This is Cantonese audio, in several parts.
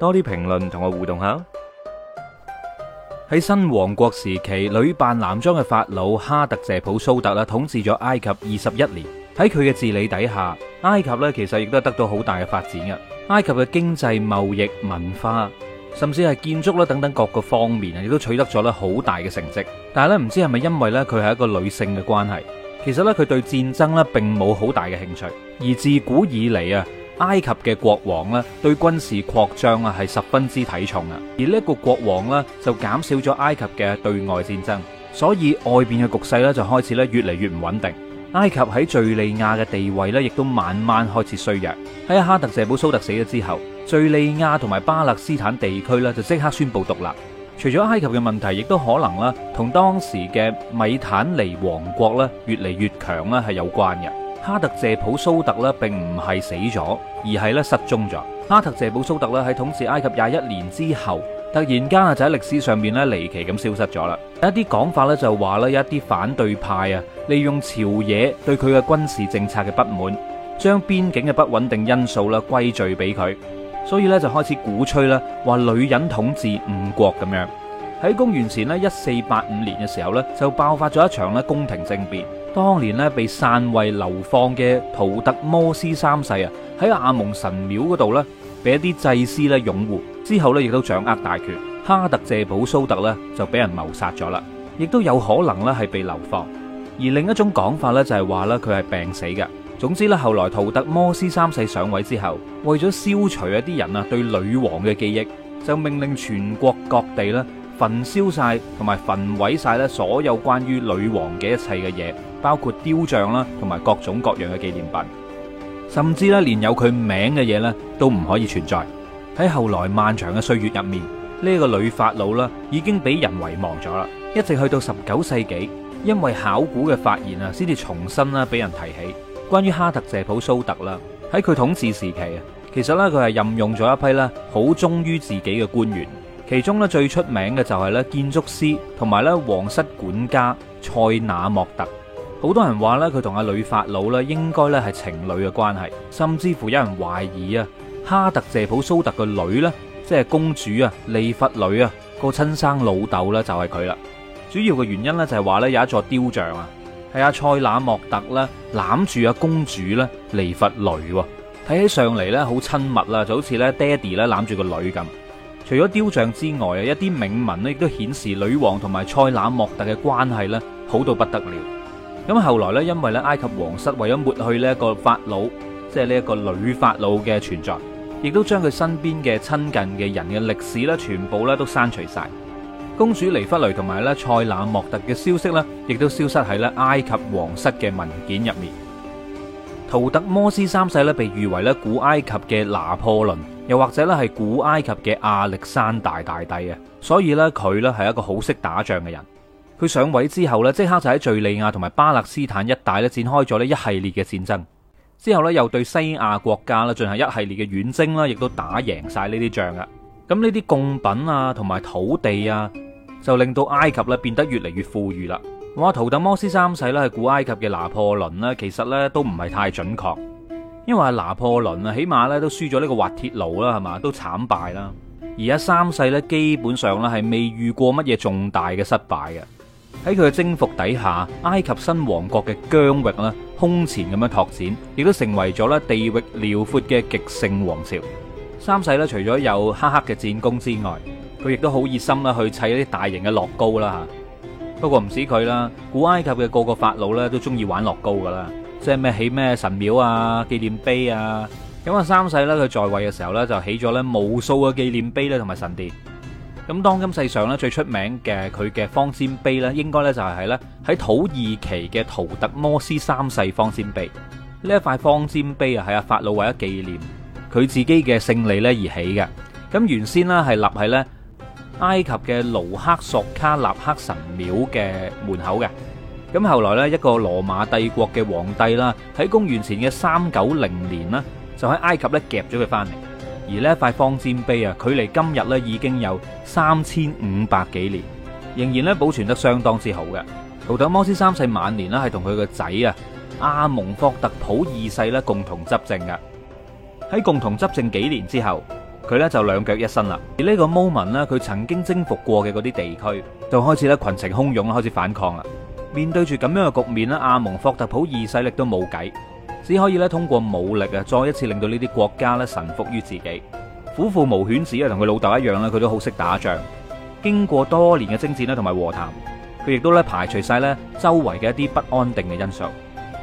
多啲評論同我互動下。喺新王國時期，女扮男裝嘅法老哈特謝普蘇特啦，統治咗埃及二十一年。喺佢嘅治理底下，埃及咧其實亦都得到好大嘅發展嘅。埃及嘅經濟、貿易、文化，甚至係建築啦等等各個方面啊，亦都取得咗咧好大嘅成績。但係咧，唔知係咪因為咧佢係一個女性嘅關係，其實咧佢對戰爭呢並冇好大嘅興趣。而自古以嚟啊。埃及嘅國王咧對軍事擴張啊係十分之睇重啊，而呢個國王咧就減少咗埃及嘅對外戰爭，所以外邊嘅局勢咧就開始咧越嚟越唔穩定。埃及喺敘利亞嘅地位咧亦都慢慢開始衰弱。喺哈特謝普蘇特死咗之後，敘利亞同埋巴勒斯坦地區咧就即刻宣布獨立。除咗埃及嘅問題，亦都可能咧同當時嘅米坦尼王國咧越嚟越強咧係有關嘅。哈特謝普蘇特咧，並唔係死咗，而係咧失蹤咗。哈特謝普蘇特咧喺統治埃及廿一年之後，突然間啊就喺歷史上面咧離奇咁消失咗啦。一啲講法咧就話有一啲反對派啊，利用朝野對佢嘅軍事政策嘅不滿，將邊境嘅不穩定因素啦歸罪俾佢，所以呢，就開始鼓吹咧話女人統治誤國咁樣。喺公元前咧一四八五年嘅時候呢就爆發咗一場咧宮廷政變。當年咧被篡位流放嘅圖特摩斯三世啊，喺阿蒙神廟嗰度咧，俾一啲祭司咧擁護，之後咧亦都掌握大權。哈特謝普蘇特咧就俾人謀殺咗啦，亦都有可能咧係被流放。而另一種講法咧就係話咧佢係病死嘅。總之咧後來圖特摩斯三世上位之後，為咗消除一啲人啊對女王嘅記憶，就命令全國各地咧焚燒晒同埋焚毀晒咧所有關於女王嘅一切嘅嘢。包括雕像啦，同埋各種各樣嘅紀念品，甚至咧連有佢名嘅嘢呢都唔可以存在。喺後來漫長嘅歲月入面，呢個女法老呢已經俾人遺忘咗啦。一直去到十九世紀，因為考古嘅發現啊，先至重新啦俾人提起。關於哈特謝普蘇特啦，喺佢統治時期啊，其實呢，佢係任用咗一批呢好忠於自己嘅官員，其中呢，最出名嘅就係呢建築師同埋呢皇室管家塞納莫特。好多人話咧，佢同阿女法老咧應該咧係情侶嘅關係，甚至乎有人懷疑啊，哈特謝普蘇特個女咧，即係公主啊，利弗雷啊，個親生老豆咧就係佢啦。主要嘅原因咧就係話咧有一座雕像啊，係阿塞那莫特啦攬住阿公主咧利弗雷睇起上嚟咧好親密啦，就好似咧爹地咧攬住個女咁。除咗雕像之外啊，一啲銘文咧亦都顯示女王同埋塞那莫特嘅關係咧好到不得了。咁後來咧，因為咧埃及皇室為咗抹去呢一個法老，即係呢一個女法老嘅存在，亦都將佢身邊嘅親近嘅人嘅歷史咧，全部咧都刪除晒。公主尼弗雷同埋咧塞納莫特嘅消息咧，亦都消失喺咧埃及皇室嘅文件入面。圖特摩斯三世咧，被譽為咧古埃及嘅拿破崙，又或者咧係古埃及嘅亞歷山大大帝啊，所以咧佢咧係一個好識打仗嘅人。佢上位之後呢，即刻就喺敘利亞同埋巴勒斯坦一帶咧展開咗咧一系列嘅戰爭，之後呢，又對西亞國家啦進行一系列嘅遠征啦，亦都打贏晒呢啲仗啊！咁呢啲貢品啊同埋土地啊，就令到埃及咧變得越嚟越富裕啦。哇！圖特摩斯三世咧係古埃及嘅拿破崙呢，其實呢都唔係太準確，因為拿破崙啊，起碼咧都輸咗呢個滑鐵盧啦，係嘛，都慘敗啦。而家三世呢，基本上呢係未遇過乜嘢重大嘅失敗嘅。喺佢嘅征服底下，埃及新王國嘅疆域啦，空前咁樣拓展，亦都成為咗啦地域遼闊嘅極盛王朝。三世咧，除咗有赫赫嘅戰功之外，佢亦都好熱心啦，去砌一啲大型嘅樂高啦吓。不過唔止佢啦，古埃及嘅各個法老咧都中意玩樂高噶啦，即係咩起咩神廟啊、紀念碑啊。咁啊，三世呢，佢在位嘅時候呢，就起咗咧無數嘅紀念碑啦同埋神殿。咁當今世上咧，最出名嘅佢嘅方尖碑咧，應該咧就係喺喺土耳其嘅圖特摩斯三世方尖碑。呢一塊方尖碑啊，係阿法老為咗紀念佢自己嘅勝利咧而起嘅。咁原先咧係立喺咧埃及嘅盧克索卡納克神廟嘅門口嘅。咁後來咧一個羅馬帝國嘅皇帝啦，喺公元前嘅三九零年啦，就喺埃及咧夾咗佢翻嚟。而呢一塊方尖碑啊，距離今日咧已經有三千五百幾年，仍然咧保存得相當之好嘅。圖特摩斯三世晚年呢，係同佢個仔啊阿蒙霍特普二世咧共同執政嘅。喺共同執政幾年之後，佢咧就兩腳一伸啦。而呢個 moment 呢，佢曾經征服過嘅嗰啲地區，就開始咧群情洶湧，開始反抗啦。面對住咁樣嘅局面呢，阿蒙霍特普二世力都冇計。只可以咧通過武力啊，再一次令到呢啲國家咧臣服於自己。虎父無犬子啊，同佢老豆一樣咧，佢都好識打仗。經過多年嘅征戰咧，同埋和談，佢亦都咧排除晒咧周圍嘅一啲不安定嘅因素，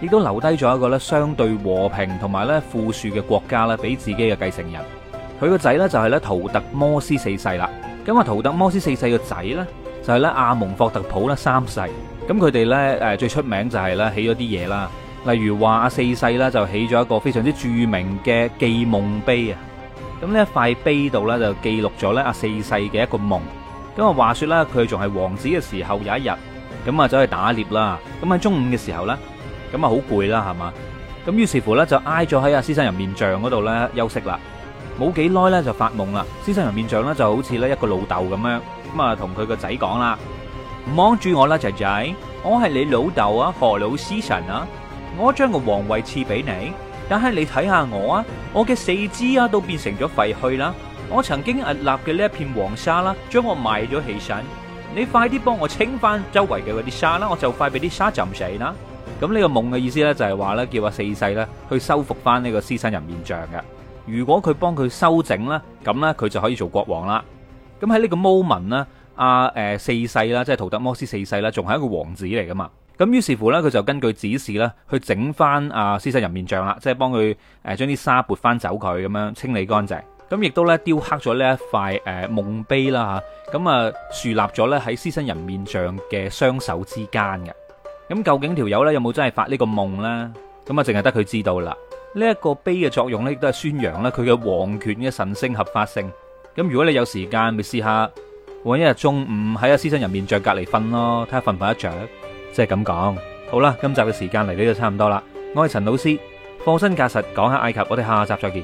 亦都留低咗一個咧相對和平同埋咧富庶嘅國家咧，俾自己嘅繼承人。佢個仔咧就係咧圖特摩斯四世啦。咁啊，圖特摩斯四世個仔咧就係咧阿蒙霍特普咧三世。咁佢哋咧誒最出名就係咧起咗啲嘢啦。例如話阿四世啦，就起咗一個非常之著名嘅《記夢碑》啊。咁呢一塊碑度咧就記錄咗咧阿四世嘅一個夢。咁啊，話說啦，佢仲係王子嘅時候，有一日咁啊，走去打獵啦。咁喺中午嘅時候咧，咁啊好攰啦，係嘛咁，於是乎咧就挨咗喺阿獅身人面像嗰度咧休息啦。冇幾耐咧就發夢啦，獅身人面像咧就好似咧一個老豆咁樣咁啊，同佢個仔講啦，望住我啦，仔仔，我係你老豆啊，何老師神啊。我將個王位賜俾你，但係你睇下我啊，我嘅四肢啊都變成咗廢墟啦。我曾經屹立嘅呢一片黃沙啦，將我埋咗起身。你快啲幫我清翻周圍嘅嗰啲沙啦，我就快俾啲沙浸死啦。咁呢個夢嘅意思呢，就係話呢，叫阿四世呢去修復翻呢個獅身人面像嘅。如果佢幫佢修整啦，咁呢，佢就可以做國王啦。咁喺呢個 moment 呢，阿、呃、誒四世啦，即係圖特摩斯四世啦，仲係一個王子嚟噶嘛。咁於是乎呢，佢就根據指示咧，去整翻啊獅身人面像啦，即係幫佢誒將啲沙撥翻走佢咁樣清理乾淨。咁亦都咧雕刻咗呢一塊誒夢碑啦嚇。咁啊樹立咗呢喺獅身人面像嘅雙手之間嘅。咁究竟條友呢，有冇真係發呢個夢呢？咁啊，淨係得佢知道啦。呢、這、一個碑嘅作用呢，亦都係宣揚咧佢嘅皇權嘅神聖合法性。咁如果你有時間，咪試下揾一日中午喺一獅身人面像隔離瞓咯，睇下瞓唔瞓得着。即係咁講，好啦，今集嘅時間嚟到，就差唔多啦。我係陳老師，貨真價實講下埃及，我哋下集再見。